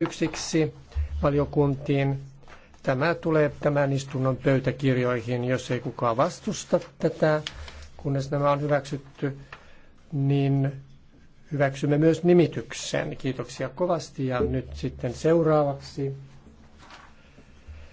yksiksi valiokuntiin. Tämä tulee tämän istunnon pöytäkirjoihin, jos ei kukaan vastusta tätä, kunnes nämä on hyväksytty, niin hyväksymme myös nimityksen. Kiitoksia kovasti ja nyt sitten seuraavaksi.